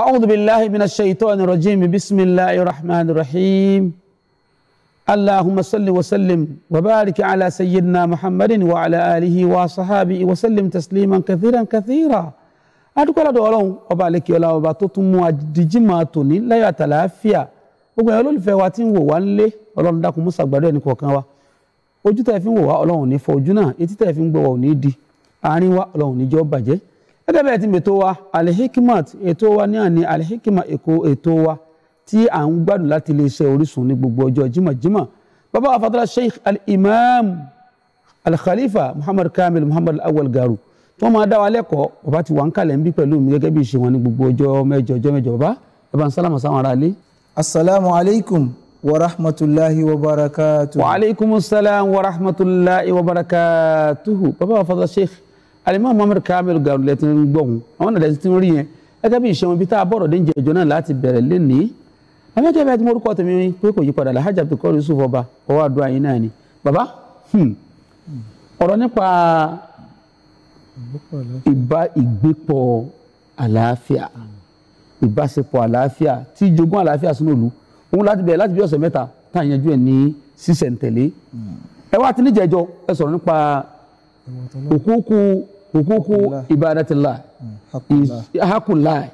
أعوذ بالله من الشيطان الرجيم بسم الله الرحمن الرحيم اللهم صل وسلم وبارك على سيدنا محمد وعلى آله وصحابه وسلم تسليما كثيرا كثيرا adúpẹ́ lọ́dọ̀ ọlọ́run ọba àlekè ọlá ọba tó tún mú adìjímọ̀ àtòní láyọ̀ àtàlàáfíà gbogbo ẹ̀yọ́ olólùfẹ́ wa tí ń wò wá ńlé ọlọ́run dákun mú ṣàgbàdo ẹni kọ̀ọ̀kan wa ojú tẹ̀ fi ń wò wá ọlọ́run ò ní fọ́ ojú náà etí tẹ̀ fi ń gbọ́ wa ò ní di àárín wa ọlọ́run ò ní jọ́ bàjẹ́ gẹ́gẹ́ bẹ́ẹ̀ ti mètò wa Al-Hikmat ètò wa ní àní Al-Hikmat èkó ètò wa tí à ń gbádùn láti iléeṣẹ́ Orísun ní gbogbo ọjọ́ jimajima bàbá wa fatala Sheikh al-Imam al-Khalifa Muhammad Kamil Muhammad Awal Garu tí wọ́n máa dá wa lẹ́kọ̀ọ́ bàbá ti wà ń kalẹ̀ ń bí pẹ̀lú mi gẹ́gẹ́ bí ìṣe wọn ní gbogbo ọjọ́ mẹ́jọ ọjọ́ mẹ́jọ bàbá ẹ ń sálàmù sáwọn ará ilé. asalaamu alaykum wa rahmatulahi wa barakatuhu. wa aleykum salaam wa rahmatulahi wa barakatuhu bàbá wa Sheikh alimọ́ muhammed kamil garu lẹ́tí ń gbọ̀hún àwọn nàdẹ́sí ti ń rí yẹn gẹ́gẹ́ bí ìṣẹ́wọ̀n bíi tá a bọ̀rọ̀ déńjẹ ìjọ náà láti bẹ̀rẹ̀ lénìí amẹ́jọ́ bẹ́ẹ̀ tí mo rúkọ tèmi pé kò yí padà Alhaji Abdulquadri Yusuf ọba ọwọ́ àdúrà yín náà ni bàbá hmm, ọ̀rọ̀ nípa ìbá ìgbépọ̀ àlàáfíà ìbáṣepọ̀ àlàáfíà tí jogún àlàáfíà sínú òlu òun láti bẹ̀rẹ̀ láti bí ọ̀sẹ̀ mẹ́ta tá à ń yanjú ẹ̀ ní sísẹ̀ntẹ̀lé ẹ wá ti níjẹ̀jọ ẹ sọ̀rọ̀ nípa òkúkú hukuku ibadatila hmm, hakula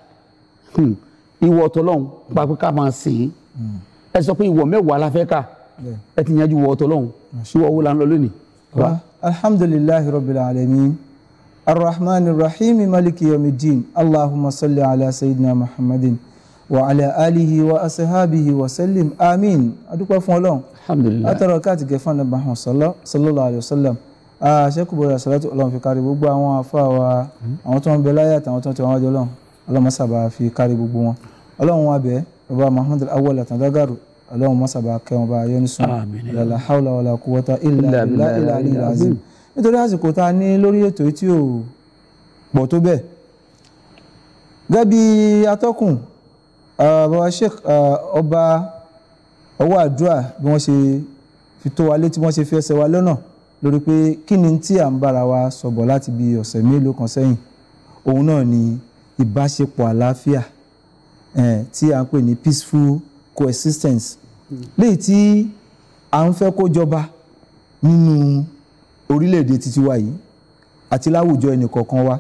hmm. ìwọ tọlọ́hun pàpẹ ká máa sìn hmm. ẹ sọ pé ìwọ mẹ́wàá la fẹ́ ká ẹ ti yanjú ìwọ tọlọ́hun ìwọ wo la ń lọ lónìí. alhamdulilayi rabbil alamin arrahman arrahim maliki yamidin allahumma salli ala sayyidina muhammadin wa ala alihi wa asahabihi wa sallim amin adúpẹ́ fún ọlọ́run atọ́rọ̀ káàtì gẹ̀fọ́n nàbàhàn sallallahu alayhi wa sallam sẹ́kùbọ̀dà sàlátù ọlọ́run fi kárí gbogbo àwọn afá wa àwọn tó ń bẹ láyé àtàwọn tó ń tẹ̀wọ́n wájú ọlọ́run ọlọ́run sábà fi kárí gbogbo wọn ọlọ́run wa bẹ̀ bàbá Muhammad awọ́lá tàdágàrú ọlọ́run mọ́sàbà kẹwọn bá yọ ní sùn lọ́la haúlá wàlá kúwọ́tà ilà ilà ilà ilà azim nítorí àsìkò tá a ní lórí ètò tí ò pọ̀ tó bẹ́ẹ̀ gẹ́gẹ́ bí atọ́kùn ah, bàbá Sheikh ah, ọba ọwọ́ àdúrà bí wọ́n ṣe fi tó wa létí wọ́n ṣe fi ẹsẹ̀ wa lọ́nà lórí pé kí ni tí à ń bára wa sọ̀bọ̀ láti bí ọ̀sẹ̀ mélòó kan sẹ́yìn òun náà ni ìbáṣepọ̀ àlàáfíà tí à ń pè ní peaceful coexistence hmm. léyìí tí à ń fẹ́ kó jọba nínú orílẹ̀-èdè títí wa yìí àti láwùjọ ẹnìkọ̀ọ̀kan wa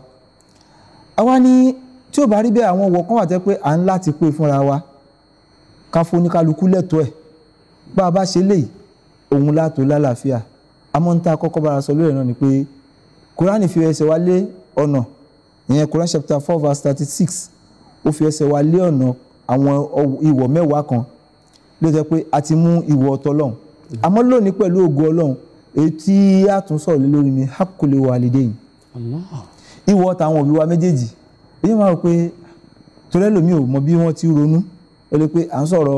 àwa ni tí ó bá rí bẹ́ẹ̀ àwọn ọ̀wọ̀ kan wà tẹ́ pé à ń láti pé fúnra wa ká fóníkálukú lẹ́tọ̀ọ́ ẹ̀ bá a bá ṣe léyìí òun látò lálàáfíà. La amóhunta kọ́kọ́ bára sọ lórí ẹ̀ náà ni pé kúránì fi ẹsẹ̀ wa lé ọ̀nà ìyẹn kúránì chapter four verse thirty six ó fi ẹsẹ̀ wa lé ọ̀nà àwọn ìwọ̀ mẹ́wàá kan ló jẹ́ pé a ti mú ìwọ̀ ọ̀tọ̀ ọlọ́run àmọ́ lónìí pẹ̀lú ògo ọlọ́run èyí tí a lé lórí ni hakule wa lè dé yìí ìwọ̀ táwọn òbí wa méjèèjì èyí máa rò pé torí ẹlòmíì ò mọ bí wọ́n ti ronú ẹ lè pé à ń sọ̀rọ̀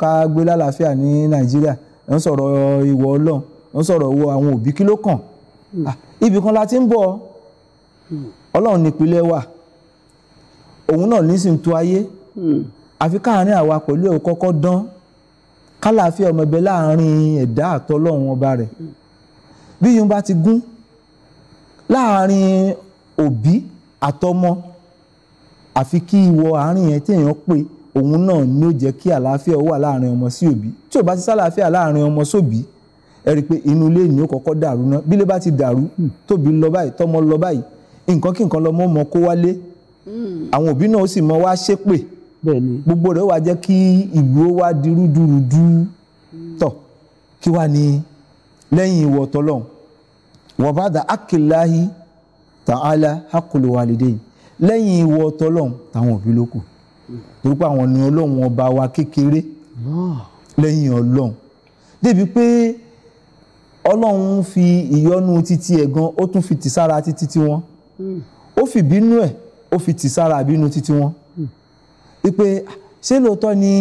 ká gbé lálàáfíà ní nàìjíríà à ń sọ̀rọ̀ ìwọ̀ ọlọ́run wọ́n sọ̀rọ̀ wo àwọn òbí kí ló kàn hmm. ah, ibì kan la ti ń bọ̀ hmm. ọlọ́run nípìnlẹ̀ wa òun náà nísìn tó ayé hmm. àfi káàárín àwa pẹ̀lú ẹ̀ kọ́kọ́ dán kálàáfíà ọmọ ẹbẹ láàárín ẹ̀dá àtọlọ́run ọba rẹ̀ bí yín bá ti gún láàárín òbí àtọmọ àfi kí ìwọ àárín yẹn tí èèyàn pè òun náà ni ó jẹ́ kí àlàáfíà ó wà láàárín ọmọ sí òbí tí ò bá ti sálàáfíà láàárín ọmọ sóbí ẹ rí i pé inú ilé ni ó kọ́kọ́ dàrú ná bílé bá ti dàrú hmm. tóbi lọ báyìí tọmọ lọ báyìí nǹkan kí nǹkan lọmọ mọ kó wálé hmm. àwọn òbí náà ó sì mọ wá ṣépè gbogbo rẹ̀ wá jẹ́ kí ìlú ó wá di rúdurùdu hmm. tọ̀ kí wá ní lẹ́yìn ìwọ̀ tọ́lọ́hún wọ́n bá dà ákìláhi tààlà hákùlù lẹ́yìn ìwọ̀ tọ́lọ́hún táwọn òbí ló kù torí àwọn ni ọlọ́run ọba wa kékeré lẹ́yìn ọlọ́run débi pé ọlọ́run fi ìyọ́nú titi ẹ̀ gan ó tún fi tì sára títí tí wọ́n hmm. ó fi bínú ẹ̀ ó fi tì sára bínú títí wọ́n ipe hmm. ṣé lóòótọ́ ni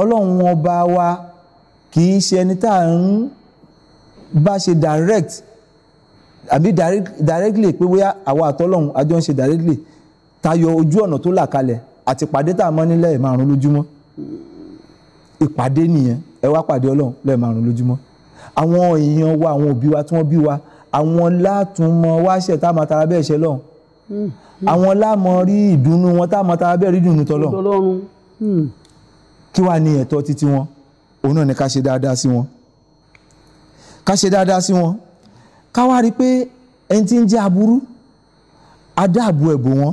ọlọ́run ọba wa kì í ṣe ẹni tá à ń bá ṣe direct àbí directly pé bóyá àwa àtọ́lọ́run àjọ ń ṣe directly tayọ ojú ọ̀nà tó là kalẹ̀ àti ìpàdé tá a mọ́ nílẹ̀ márùn lójúmọ́ hmm. ìpàdé nìyẹn ẹ wá pàdé ọlọ́run lẹ́ẹ̀ márùn lójúmọ́ àwọn èèyàn wa àwọn òbí wa tí wọ́n bí wa àwọn látùmọ̀ wá ṣẹ̀ tá a máa tara bẹ́ẹ̀ ṣe lọ́hùn hmm, hmm. àwọn láàmọ rí ìdùnnú wọn tá a máa tara bẹ́ẹ̀ rí ìdùnnú tọ́lọ́hùn hmm. kí wàá ní ẹ̀tọ́ títí wọn òun náà ni ká ṣe dáadáa sí wọn ká ṣe dáadáa sí wọn ká wá rí i pé ẹni tí ń jẹ́ aburú adáàbò ẹ̀bò wọn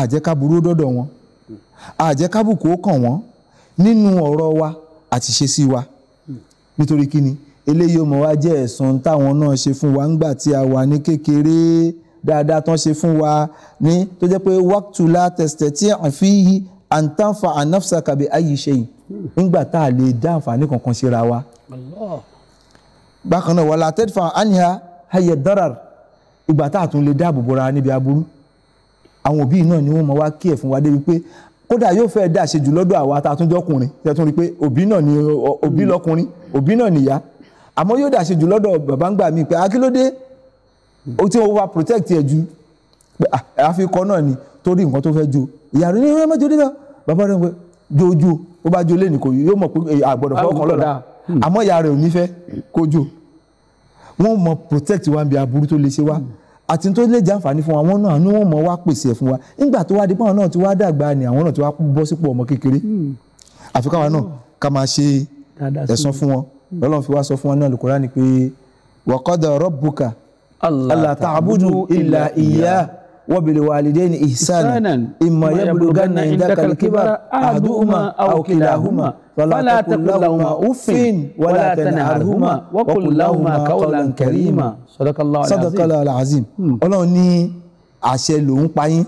àjẹkáburú dọ́dọ̀ wọn àjẹkábùkù ó kàn wọ́n nínú ọ̀rọ̀ wa àti sí wa nítorí kí ni eléyìí ó mọ̀ wá jẹ́ ẹ̀san táwọn náà ṣe fún wa ńgbà tí a wà ní kékeré dáadáa tán ṣe fún wa ní tó jẹ́ pé wákùtùlá tẹ̀sítẹ̀ tí à ń fi yí àǹtàǹfà ànáfsà kàbí ayé ṣe yìí ńgbà tá a lè dá àǹfààní kankan síra wa. bákan náà wàlá tẹ́tìfà àníhà ayẹ dárar ìgbà tá a tún lè dáàbò bora níbi aburú àwọn òbí náà ni wọ́n mọ̀ wá kí ẹ̀ fún wa débi pé kódà yóò fẹ́ dà ṣe jù lọ́dọ̀ àwa tá a tún jọkùnrin tẹ́tún rí pé òbí náà ni òbí lọkùnrin òbí náà nìyá àmọ́ yóò dà ṣe jù lọ́dọ̀ bàbá ń gbà mí pé akílódé ah, o ti over protect ẹ̀ ju pé àfikọ́ ah, náà ni torí nǹkan tó fẹ́ jo ìyàrá ní ìrẹ́ mẹ́jọ níbẹ̀ bàbá rẹ̀ ń pẹ́ jojo ó bá jo lẹ́nu kò yóò mọ̀ pé àgbọ̀dọ̀ eh, fọwọ́kan lọ́la hmm. àmọ́ ìyá rẹ̀ ò ní fẹ́ kó jo wọ́n mọ̀ protect wa bí aburú tó lè ṣe wa hmm. àti tó lè jẹ́ àǹfààní fún wa àwọn náà ni wọ́n mọ̀ wá pèsè ẹ̀ fún wa nígbà tó wá dé báwọn náà ti wá dàgbà ni àwọn náà ti wá bọ́ sípò ọmọ kékeré hmm. àfikún wa náà ká máa ṣe ẹ̀san fún wọn lọ́lọ́run hmm. fi wá sọ fún wa ní Al-Qur'ani pé wa qada rabbuka alla ta'budu illa iyyah wa bil walidayni ihsanan imma yablughanna indaka al-kibara ahaduhuma aw kilahuma fala taqul lahuma uffin wala tanharhuma wa qul lahuma qawlan hmm. ní àṣẹ lòún pa yín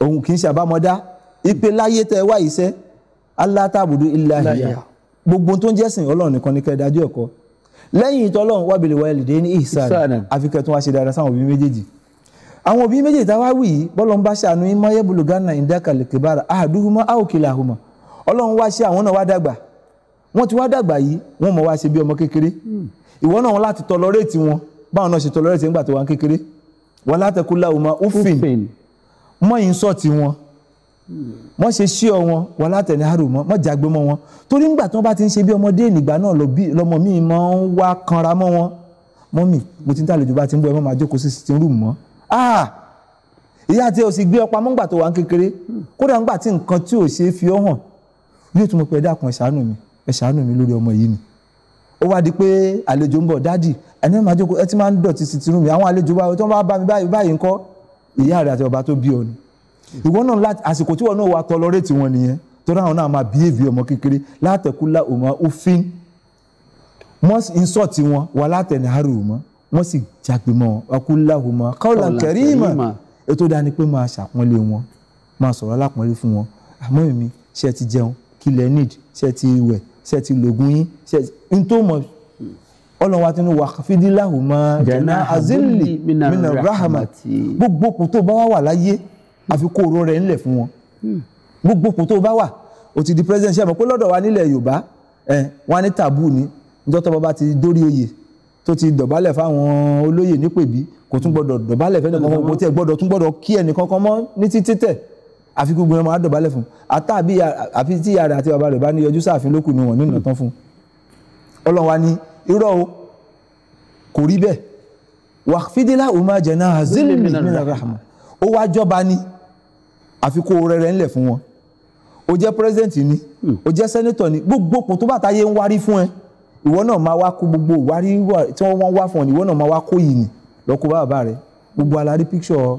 òun kì í ṣe àbámọ́dá ìpè láyé tẹ gbogbo tó ń jẹ́sìn ọlọ́run nìkan ní kẹ́ẹ̀dájú ẹ̀kọ́ lẹ́yìn ìtọ́lọ́run wá bèlè wáyé lèdè ní ìsàn àfikẹ́ tó wá ṣe dáadáa sáwọn òbí méjèèjì àwọn òbí méjèèjì tá a wá wì yìí bọ́lọ̀ ń bá ṣàánú yín mọ́ yẹ́bùlù ghana ìdákàlẹ̀ kìbára àdúhùmọ́ àòkèlè àhùmọ́ ọlọ́run wá ṣe àwọn náà wá dàgbà wọ́n ti wá dàgbà yìí wọ́n mọ̀ wá ṣe bí ọmọ mọ́ ṣe sí ọ wọn wà látẹ̀lé àrò mọ́ mọ́ jàgbé mọ́ wọn torí ńgbà tí wọ́n bá ti ń ṣe bí ọmọdé nígbà náà lọ́mọ mi máa ń wá kanra mọ́ wọn mọ́mì mo ti ń tàlejò bá ti ń bọ́ ẹ máa jókòó sí sitting room mọ́ ah ìyá àti òsì gbé ọpa mọ́ngbà tó wà ń kékeré kódà ńgbà tí nǹkan tí ò ṣe é fi ọ́ hàn yóò tún mọ̀ pé ẹ dákun ẹ ṣàánú mi ẹ ṣàánú mi lórí ọmọ yìí ni ó wá di pé àlejò ń bọ̀ dáàdì ẹni máa jókòó ẹ ti máa ń dọ̀tí sitting room mi àwọn àlejò báyìí tó ń bá bá mi báyìí báyìí ńkọ́ ìyá rẹ̀ àti bàbá tó bí ìwọ náà láti àsìkò tí wọn náà wà tọlọrẹ́tì wọn nìyẹn tọ́lá àwọn náà máa bíhéèvì ọmọ kékeré látẹ̀kúlá òmà òfin wọ́n insult wọn wà látẹ̀nà àrò wọn wọ́n sì jágbe mọ́ wọn akúlá òmà kọ́ọ̀lá kẹrìmà ètò ìdáni pé máa ṣàpọ́nlé wọn máa sọ̀rọ̀ alápọ̀nlé fún wọn àmọ́ èmi ṣe ti jẹun kí lẹ need ṣe ti wẹ̀ ṣe ti lògùn yín ṣe n tó mọ̀ ọlọ́wà tí wọ́n wà fídíláhùn mọ́ jẹ̀nà azílì mìnà rahmat gbogbo kù tó bá wà láyé àfi kó oró rẹ̀ ńlẹ̀ fún wọn hmm. gbogbo kò tó bá wà o ti di president ṣe mọ̀ pé lọ́dọ̀ wa nílẹ̀ yorùbá ẹ̀ wọ́n á ní tàbú ni níjọ́ tó bá ti dórí oyè tó ti dọ̀bálẹ̀ fáwọn olóyè nípèbí kò tún gbọ́dọ̀ dọ̀bálẹ̀ fẹ́ nìkan kò tiẹ̀ gbọ́dọ̀ tún gbọ́dọ̀ kí ẹnìkan kan mọ́ ní títí tẹ̀ àfi gbogbo ẹ̀ máa dọ̀bálẹ̀ fún àtàbí àfi tí ìyá àti bàbá rẹ̀ bá ní yọjú sáàfin lókùn ni wọ́n ní ìnà tán fún ọlọ́wà ni irọ́ o kò rí bẹ́ẹ̀ wàfídílà òun máa jẹ náà zilmi nínú rahma ó wá jọba ni àfi kó rẹrẹ ńlẹ̀ fún wọn o jẹ́ president ni hmm. o jẹ́ senator ni gbogbo kò tó bá táyé ń wárí fún ẹ ìwọ náà máa wá kó gbogbo ìwárí tí wọ́n wá fún ọ ìwọ náà máa wá kó yìí ni lọ bàbá rẹ gbogbo alárí picture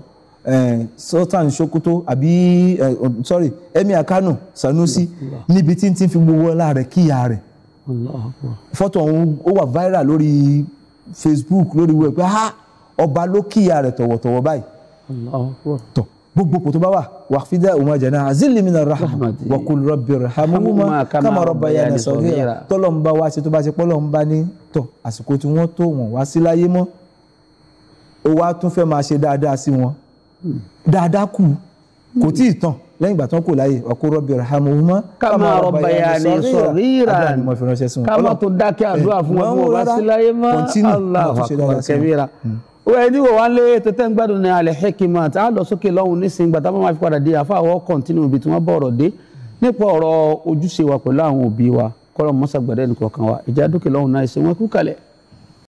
Sultan Sokoto àbí sorry Emir Kano Sanusi níbi tí n ti fi gbogbo ọlá rẹ kíyà rẹ fọ́tò ọ̀hún ó wà viral lórí Facebook lórí wẹ̀ pé ọba ló kíyà rẹ tọ̀wọ̀tọ̀wọ̀ báyìí tọ̀ gbogbo kò tó bá wà wà fídà òun àjànà àzílì mi náà rahma wà kú rọbì rahma mọ́ kámà rọba ya ní sọ̀rọ̀ tọ́lọ̀ ń bá wá sí tó bá ti pọ́lọ̀ ń bá ní tọ̀ àsìkò tí wọ́n tó wọ́n wá sí láyé mọ́ ó wá tún fẹ́ máa ṣe dáadáa sí wọn hmm. dáadáa kù kò tí ì tàn lẹ́yìn ìgbà tí wọ́n kò láyé wà kú rọbì rahma mọ́ kámà rọba ya ní sọ̀rọ̀ kámà tó dákẹ́ àdúrà fún wọn ẹni wò wá lé ètò tẹ́ ń gbádùn ní alẹ́ Hikmat á lọ sókè lọ́hùn nísìnyí gbàtà bá máa fi padà dé àfáàwọ̀ kọ̀ǹtínú ibi tí wọ́n bọ̀ ọ̀rọ̀ dé nípa ọ̀rọ̀ ojúṣe wa pẹ̀lú àwọn òbí wa kọ́lọ́ mọ́sàgbẹ́dẹ́ nìkan kan wa ìjà dókè lọ́hùn náà ẹ̀sìn wọn kú kalẹ̀.